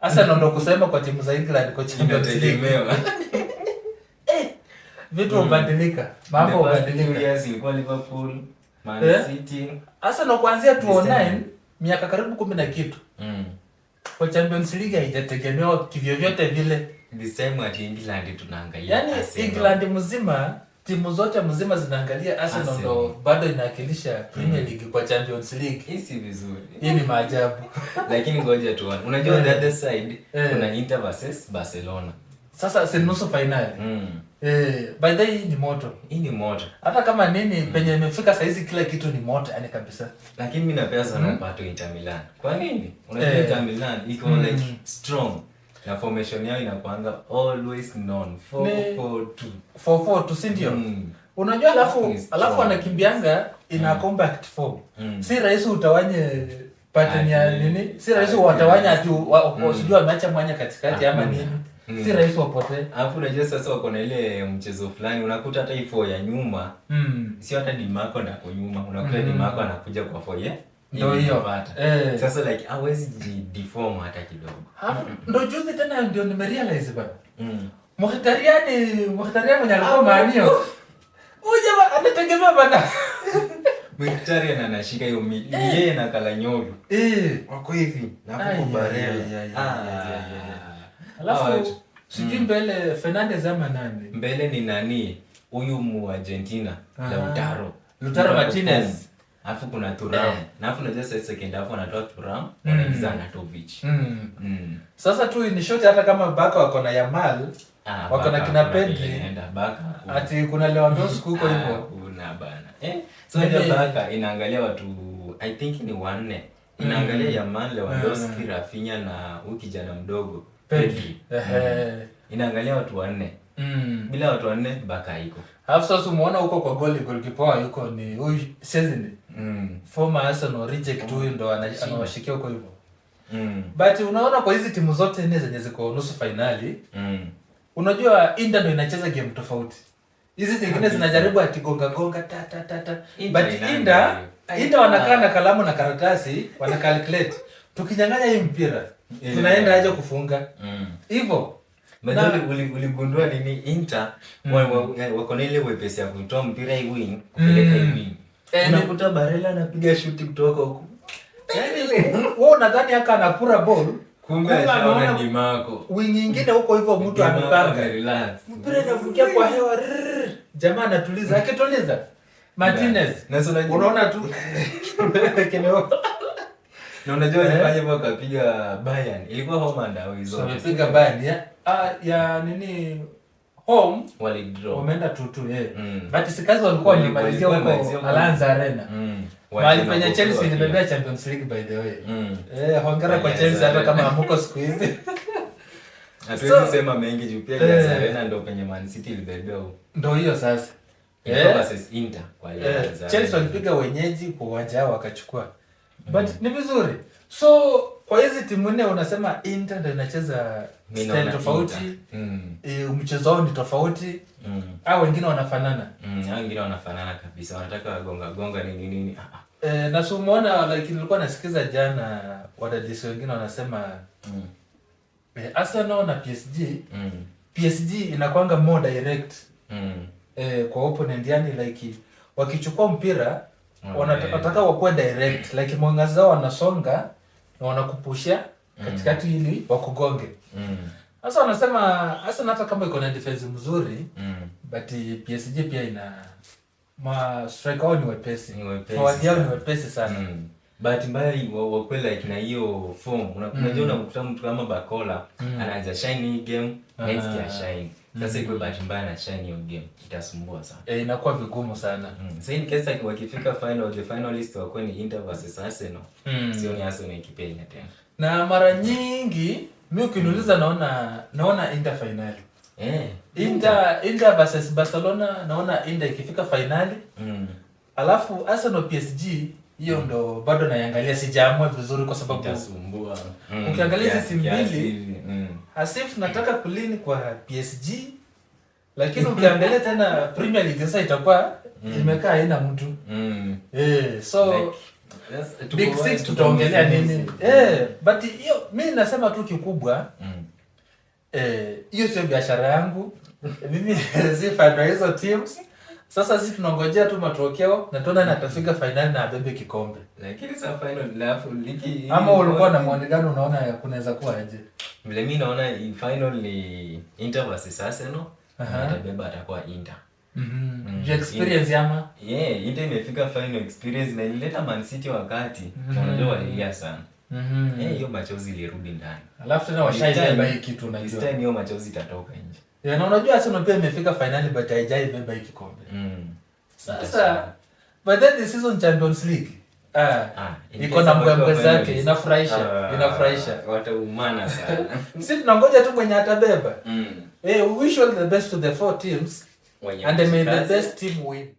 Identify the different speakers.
Speaker 1: Sasa ndo kusema kwa timu za England kocha inategemewa.
Speaker 2: Eh,
Speaker 1: vitu mm. hubadilika, mambo hubadilika.
Speaker 2: ilikuwa Liverpool, Man eh? City.
Speaker 1: Sasa ndo kuanzia 2009 miaka karibu kumi na kitu. Mm. Kwa Champions League haijategemewa kivyovyote vile.
Speaker 2: Nisema ati England tunaangalia.
Speaker 1: Yaani England mzima timu zote mzima zinaangalia Arsenal ndo bado inawakilisha Premier mm. League kwa Champions League.
Speaker 2: Hii si vizuri.
Speaker 1: Hii ni maajabu.
Speaker 2: Lakini ngoja tuone. Unajua on the eh. other side eh. kuna Inter versus Barcelona.
Speaker 1: Sasa si nusu finali. Mm. Eh, by the way ni moto. Hii ni moto. Hata kama nini mm. penye imefika saa hizi kila kitu ni moto yani kabisa.
Speaker 2: Lakini mimi napenda sana mm. Inter Milan. Kwa nini? Unajua eh. Inter Milan iko mm. like strong na formation yao inakuanga always known 442
Speaker 1: 442 si ndio? mm. Unajua, alafu alafu anakimbianga ina mm. compact form mm. si rahisi utawanye pattern ya nini, si rahisi watawanya ati mm. sijui wameacha mwanya katikati ama mm. nini mm. si rahisi wapote
Speaker 2: Alafu unajua sasa wako na ile mchezo fulani, unakuta hata ifo ya nyuma mm. sio hata dimako na kwa nyuma unakuta mm. dimako anakuja kwa foye
Speaker 1: ndo hiyo bata.
Speaker 2: Eh. Sasa like hawezi jideform hata kidogo.
Speaker 1: ndo juzi tena ndio nimerealize bana. Mm. Mkhtariani, Mkhtariani mwenye alikuwa ah, maanio. Huyu jamaa anategemea bana.
Speaker 2: Mkhtariani anashika hiyo mili. Eh. Yeye na kala nyoyo. Eh. Wako hivi. Na kuko barela.
Speaker 1: Ah. Alafu sijui mm. mbele Fernandez ama nani?
Speaker 2: Mbele ni nani? Huyu mu Argentina, ah. Lautaro.
Speaker 1: Lautaro Martinez.
Speaker 2: Alafu kuna turam eh. Na alafu unajua sasa second half anatoa Thuram, mm. anaingiza Anatovic. Mm.
Speaker 1: Mm. Sasa tu ni shoti hata kama Baka wako na Yamal, ah, wako na kina Pedri. Ati kuna Lewandowski huko ah, hivyo.
Speaker 2: kuna bana. Eh? eh so ile eh. Baka inaangalia watu I think ni wanne. Inaangalia mm. Yamal, Lewandowski, mm. Rafinha na huyu kijana mdogo Pedri. Pedri. Mm. Inaangalia watu wanne. Mm. Bila watu wanne Baka iko.
Speaker 1: Alafu sasa umeona huko kwa goli goalkeeper wao yuko ni huyu Szczesny. Mm. Former Arsenal reject huyu hmm. ndo anawashikia huko hivyo. Mm. But unaona kwa hizi timu zote nne zenye ziko nusu finali, mm. Unajua Inter ndo inacheza game tofauti. Hizi zingine zinajaribu atigonga gonga ta ta ta ta. But Inter, inda ah. wanakaa na kalamu na karatasi, wana calculate. Tukinyang'anya hii mpira, yeah. Tunaenda aje kufunga. Mm. Hivyo
Speaker 2: Uligundua nini? Inter mm. wako na ile wepesi ya kutoa mpira hii wing kupeleka hii mm. wing,
Speaker 1: unakuta Barella anapiga shuti kutoka huku, yaani wewe unadhani haka anapura ball
Speaker 2: kumbe anaona ni mako
Speaker 1: wing nyingine huko hivyo, mtu anapanga mpira unavukia kwa hewa, jamaa anatuliza, akituliza Martinez, unaona tu kelewa
Speaker 2: na unajua nifanye eh? hapo kapiga Bayern. Ilikuwa home and away zote.
Speaker 1: Wamepiga Bayern ya ah ya nini home wali draw. Wameenda 2-2 yeye. Mm. But si kazi walikuwa walimalizia huko Alanza Arena. Mali mm. penye Chelsea ilibebea Champions League by the way. Mm. Eh, hongera kwa Chelsea hata kama amuko siku hizi.
Speaker 2: Hatuwezi sema mengi juu pia Allianz eh. Arena ndio penye Man City ilibebea huko.
Speaker 1: Ndio hiyo sasa.
Speaker 2: Yeah. Inter kwa yeah.
Speaker 1: Chelsea walipiga wenyeji kwa uwanja wao wakachukua but mm. ni vizuri so kwa hizi timu nne unasema Inter ndio inacheza style tofauti mm. e, eh, mchezo wao ni tofauti mm. au wengine wanafanana
Speaker 2: mm, wengine wanafanana kabisa wanataka wagonga gonga nini nini ah.
Speaker 1: e, na so umeona like nilikuwa nasikiza jana wadadisi wengine wanasema mm. e, Arsenal na PSG mm. PSG inakwanga more direct mm. e, kwa opponent yani like wakichukua mpira wanataka wakuwe direct mm. like mwangaza wanasonga na wanakupusha mm. katikati ili wakugonge. Mm. Sasa mm. wanasema hasa hata kama iko na defense mzuri mm. but PSG pia ina ma strike wao ni wepesi, forward yao ni wepesi sana. mm
Speaker 2: Bahati mbaya wa wa kweli like na hiyo form unajua, unakuta mtu kama Bakola mm. anaanza shine game, next year ah. shine sasa iko bahati mbaya na China hiyo game itasumbua sana. Eh,
Speaker 1: inakuwa vigumu sana. Mm.
Speaker 2: Sasa in case wakifika final the finalist wa kweli Inter versus Arsenal. Mm. Sio ni Arsenal ikipenya tena.
Speaker 1: Na mara nyingi mimi ukiniuliza mm. naona naona Inter final. Eh. Inter Inter versus Barcelona naona Inter ikifika finali. Mm. Alafu Arsenal PSG hiyo ndo bado naiangalia, sijaamua vizuri kwa sababu
Speaker 2: itasumbua.
Speaker 1: Hmm. Ukiangalia hizi simu mbili mm. asif nataka kulini kwa PSG, lakini ukiangalia tena Premier League sasa itakuwa mm. imekaa haina mtu mm. eh, so like, yes, big six tutaongelea nini? Eh, but hiyo mimi nasema tu kikubwa hmm. eh, hiyo sio biashara yangu mimi sifa hizo teams sasa sisi tunangojea tu matokeo na tuone na atafika finali na abebe kikombe.
Speaker 2: Lakini sasa final lafu liki
Speaker 1: Ama ulikuwa na mwani gani unaona kunaweza kuwa aje?
Speaker 2: Vile mimi naona in final ni Inter versus Arsenal. Aha. Atabeba atakuwa Inter. Mhm.
Speaker 1: Mm mm. Experience ama?
Speaker 2: Yeah, Inter imefika final experience na ileta Man City wakati. Mm -hmm. Unajua walilia sana. Mhm. Mm eh, hiyo machozi ilirudi ndani.
Speaker 1: Alafu tena washaibeba hii kitu unajua. This
Speaker 2: time hiyo machozi itatoka nje.
Speaker 1: Yeah, na unajua Arsenal pia imefika finali but haijaibeba hii kikombe. Mm. Sasa but then the season Champions League Ah, ah iko na mbwembwe zake inafurahisha, ah, inafurahisha.
Speaker 2: Wataumana sana.
Speaker 1: Sisi tunangoja tu mwenye atabeba. Mm. Hey, eh, we wish all the best to the four teams and they made the best team win.